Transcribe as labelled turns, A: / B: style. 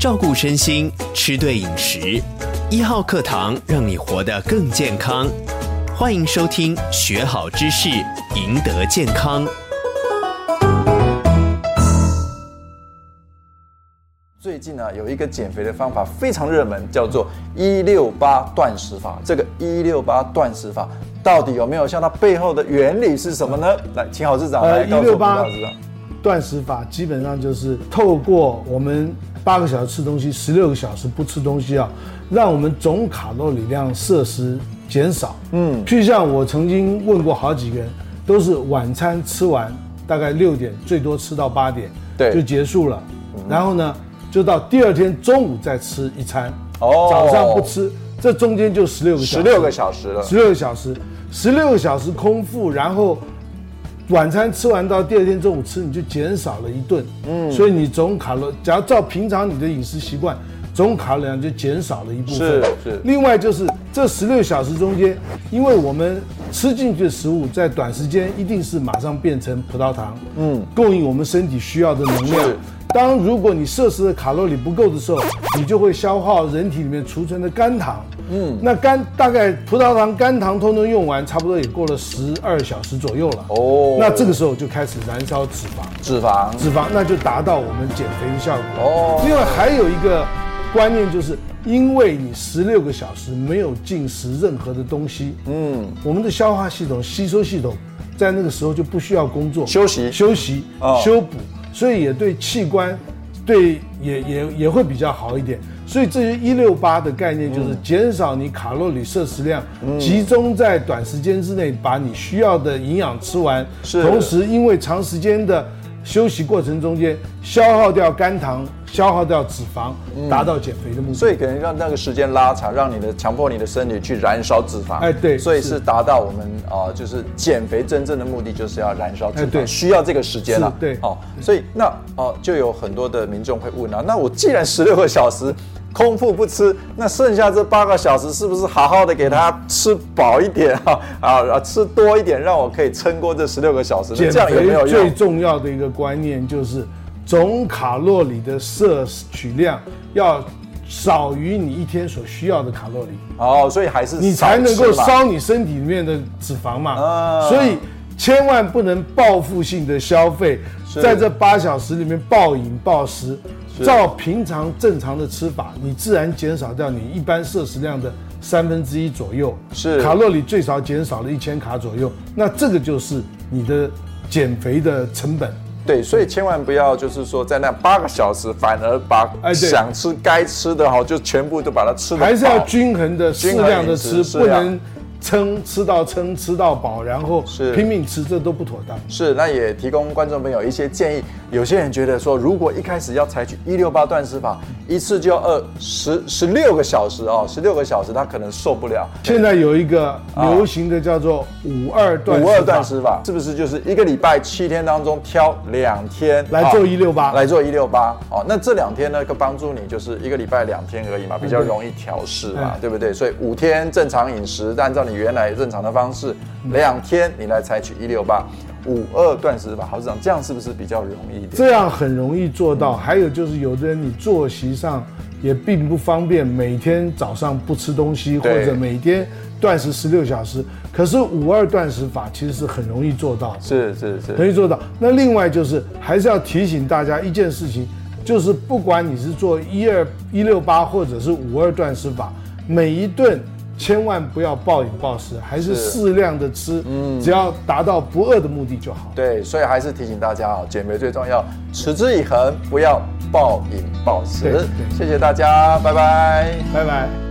A: 照顧身心，吃對飲食。一號課堂讓你活得更健康，歡迎收聽，學郝知識，瑩得健
B: 康。最近呢、啊，有一個減肥的方法非常熱門，叫做“一六八斷食法”。這個“一六八斷食法”到底有沒有效？它背後的原理是什麼呢？來，請郝市長、呃、來168告訴我們。一六八
A: 斷食法基本上就是透過我們。八個小時吃東西，十六個小時不吃東西啊，讓我們總卡路里量攝食減少。嗯，就像我曾經問過好幾個人，都是晚餐吃完大概六點，最多吃到八點，對，就結束了。嗯。然後呢，就到第二天中午再吃一餐，哦，早上不吃，這中間就十六個小時十六個小時了，十六個小時，十六個小時空腹，然後。晚餐吃完到第二天中午吃，你就減少了一頓，嗯，所以你總卡路，只要照平常你的飲食習慣，總卡路量就減少了一部分。是是。另外就是這十六小時中間，因為我們吃進去的食物在短時間一定是馬上變成葡萄糖，嗯，供應我們身體需要的能量。當如果你攝食的卡路里不夠的時候，你就會消耗人體裡面儲存的肝糖。嗯，那肝大概葡萄糖、肝糖通通用完，差不多也過了十二小時左右了。哦，那這個時候就開始燃燒脂肪，脂肪，脂肪，那就達到我們減肥的效果。哦，另外還有一個觀念就是，因為你十六個小時沒有進食任何的東西，嗯，我們的消化系統、吸收系統在那個時候就不需要工作，休息，休息，啊、哦，修補，所以也對器官，對也也也會比較好一點。所以至於一六八的概念就是減少你卡路里攝食量、嗯嗯，集中在短時間之內把你需要的營養吃完，是同時因為長時間的休息過程中間消耗掉肝糖，消耗掉脂肪、嗯，達到
B: 減肥的目的。所以可能讓那個時間拉長，讓你的強迫你的身體去燃燒脂肪。哎，對。所以是達到我們啊、呃，就是減肥真正的目的就是要燃燒脂肪，哎、對需要這個時間了。對，哦，所以那哦、呃，就有很多的民眾會問啊，那我既然十六個小時空腹不吃，那剩下這八個小時是不是好好的給他吃飽一點啊？啊，啊吃多一點，讓我可以撐過這十六個小時。這樣有沒有？減肥最重
A: 要的一個觀念就是，總卡路里的攝取量要少於你一天所需要的卡路里。
B: 哦，所以還是你才能夠燒你身
A: 體裡面的脂肪嘛。嗯，所以千萬不能報復性的消費，在這八小時裡面暴飲暴食。照平常正常的吃法，你自然減少掉你一般攝食量的三分之一
B: 左右，是卡
A: 路里最少減少了一千卡左右。那這個就是你的減肥的成本。
B: 對，所以千萬不要就是說在那八個小時，反而把想吃該吃的好、哎、對、就全部都把它吃了，還是要均
A: 衡的、適量的吃，啊、不能。
B: 撐吃到撐吃到飽，然後是拼命吃，這都不妥當。是，那也提供觀眾朋友一些建議。有些人覺得說，如果一開始要採取一六八斷食法，一次就要餓十十六個小時哦，十六個小時他可能受不了。
A: 現在有一個流行的叫做五二斷、哦、五二斷食
B: 法，是不是就是一個禮拜七天當中挑兩天來做一六八，來做一六八？哦，來做168，哦，那這兩天呢，可幫助你就是一個禮拜兩天而已嘛，比較容易調試嘛，嗯、對，對不對？所以五天正常飲食，按照你。原來正常的方式，嗯，兩天你來採取一六八五二斷食法，郝市長，這樣是不是比較容易一點？這樣
A: 很容易做到。嗯、還有就是，有的人你作息上也並不方便，每天早上不吃東西，或者每天斷食十六小時。可是五二斷食法其實是很容易做到，
B: 是是是，可
A: 以做到。那另外就是，還是要提醒大家一件事情，就是不管你是做一二一六八，或者是五二斷食法，每一頓千萬不要暴飲暴
B: 食，還是適
A: 量的吃，嗯，只要達到不餓的目的就好。
B: 對，所以還是提醒大家啊，減肥最重要，持之以恆，不要暴飲暴食。謝謝大家，拜拜，拜拜。